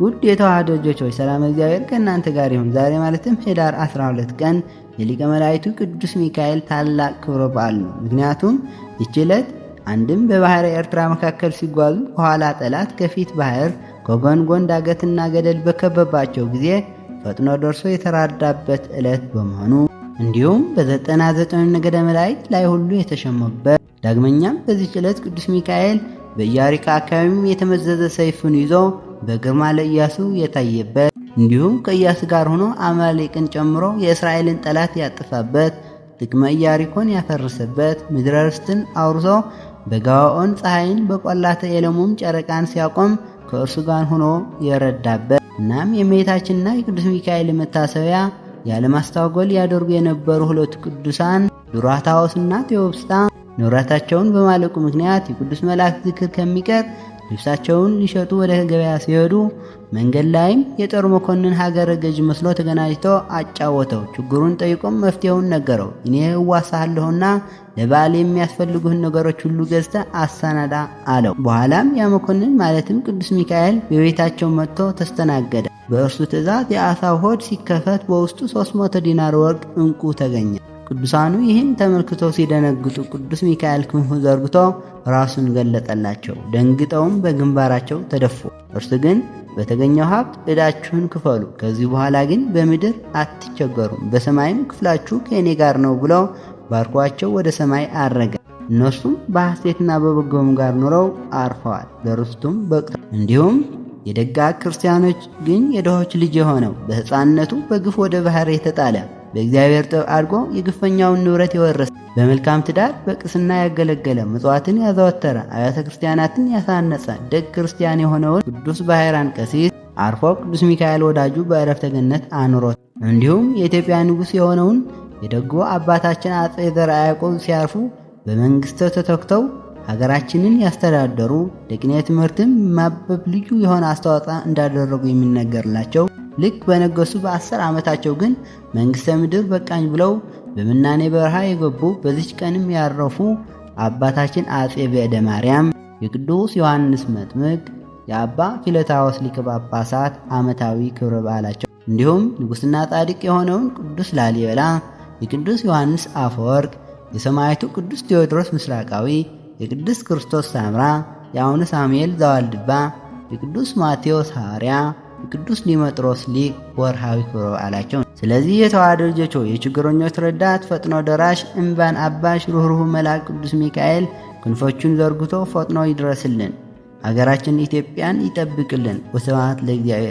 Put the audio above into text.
ውድ የተዋህዶ ልጆች ሆይ ሰላም እግዚአብሔር ከእናንተ ጋር ይሁን። ዛሬ ማለትም ኅዳር 12 ቀን የሊቀ መላእክቱ ቅዱስ ሚካኤል ታላቅ ክብረ በዓል ነው። ምክንያቱም ይህች ዕለት አንድም በባሕረ ኤርትራ መካከል ሲጓዙ ከኋላ ጠላት ከፊት ከጎን ከጎንጎን ዳገትና ገደል በከበባቸው ጊዜ ፈጥኖ ደርሶ የተራዳበት ዕለት በመሆኑ እንዲሁም በዘጠና ዘጠኙ ነገደ መላእክት ላይ ሁሉ የተሸሙበት ዳግመኛም በዚህች ዕለት ቅዱስ ሚካኤል በኢያሪካ አካባቢም የተመዘዘ ሰይፍን ይዞ በግርማ ለኢያሱ የታየበት እንዲሁም ከኢያሱ ጋር ሆኖ አማሌቅን ጨምሮ የእስራኤልን ጠላት ያጠፋበት ጥቅመ ኢያሪኮን ያፈረሰበት ምድረ ርስትን አውርሶ በጋዋኦን ፀሐይን በቆላተ ኤለሙም ጨረቃን ሲያቆም ከእርሱ ጋር ሆኖ የረዳበት እናም የእመቤታችንና የቅዱስ ሚካኤል መታሰቢያ ያለማስታወጎል ያደርጉ የነበሩ ሁለቱ ቅዱሳን ዱራታዎስና ቴዎብስታ ንብረታቸውን በማለቁ ምክንያት የቅዱስ መልአክ ዝክር ከሚቀር ልብሳቸውን ሊሸጡ ወደ ገበያ ሲሄዱ መንገድ ላይም የጦር መኮንን ሀገረ ገዥ መስሎ ተገናኝቶ አጫወተው። ችግሩን ጠይቆም መፍትሄውን ነገረው። እኔ እዋሳለሁና ለበዓል የሚያስፈልጉህን ነገሮች ሁሉ ገዝተ አሰናዳ አለው። በኋላም ያ መኮንን ማለትም ቅዱስ ሚካኤል በቤታቸው መጥቶ ተስተናገደ። በእርሱ ትእዛዝ የአሳው ሆድ ሲከፈት በውስጡ 300 ዲናር ወርቅ፣ ዕንቁ ተገኘ። ቅዱሳኑ ይህን ተመልክቶ ሲደነግጡ ቅዱስ ሚካኤል ክንፉ ዘርግቶ ራሱን ገለጠላቸው። ደንግጠውም በግንባራቸው ተደፉ። እርሱ ግን በተገኘው ሀብት ዕዳችሁን ክፈሉ፣ ከዚህ በኋላ ግን በምድር አትቸገሩም፣ በሰማይም ክፍላችሁ ከእኔ ጋር ነው ብሎ ባርኳቸው ወደ ሰማይ አረገ። እነሱም በሐሴትና በበጎም ጋር ኑረው አርፈዋል። ለርስቱም በቅቶ እንዲሁም የደጋ ክርስቲያኖች ግን የድሆች ልጅ የሆነው በሕፃንነቱ በግፍ ወደ ባሕር የተጣለ በእግዚአብሔር ጥበብ አድጎ የግፈኛውን ንብረት የወረሰ በመልካም ትዳር በቅስና ያገለገለ ምጽዋትን ያዘወተረ አብያተ ክርስቲያናትን ያሳነጸ ደግ ክርስቲያን የሆነውን ቅዱስ ባሕራን ቀሲስ አርፎ ቅዱስ ሚካኤል ወዳጁ በእረፍተገነት ገነት አኑሮት እንዲሁም የኢትዮጵያ ንጉሥ የሆነውን የደጎ አባታችን አጼ ዘርዓ ያዕቆብ ሲያርፉ በመንግሥተ ተተክተው ሀገራችንን ያስተዳደሩ ደቅኔ ትምህርትም ማበብ ልዩ የሆነ አስተዋጽኦ እንዳደረጉ የሚነገርላቸው ልክ በነገሱ በአስር ዓመታቸው ግን መንግሥተ ምድር በቃኝ ብለው በምናኔ በረሃ የገቡ በዚች ቀንም ያረፉ አባታችን አጼ በዕደ ማርያም፣ የቅዱስ ዮሐንስ መጥምቅ፣ የአባ ፊለታዎስ ሊቀ ጳጳሳት ዓመታዊ ክብረ በዓላቸው እንዲሁም ንጉሥና ጻድቅ የሆነውን ቅዱስ ላሊበላ፣ የቅዱስ ዮሐንስ አፈወርቅ፣ የሰማዕቱ ቅዱስ ቴዎድሮስ ምስራቃዊ፣ የቅዱስ ክርስቶስ ሳምራ፣ የአቡነ ሳሙኤል ዘዋልድባ፣ የቅዱስ ማቴዎስ ሐዋርያ ቅዱስ ዲሜጥሮስ ሊቅ ወርሃዊ ክብረ በዓላቸው። ስለዚህ የተዋሕዶ ልጆች ሆይ የችግረኞች ረዳት፣ ፈጥኖ ደራሽ፣ እምባን አባሽ፣ ሩኅሩኅ መልአክ ቅዱስ ሚካኤል ክንፎቹን ዘርግቶ ፈጥኖ ይድረስልን፣ አገራችን ኢትዮጵያን ይጠብቅልን። ወስብሐት ለእግዚአብሔር።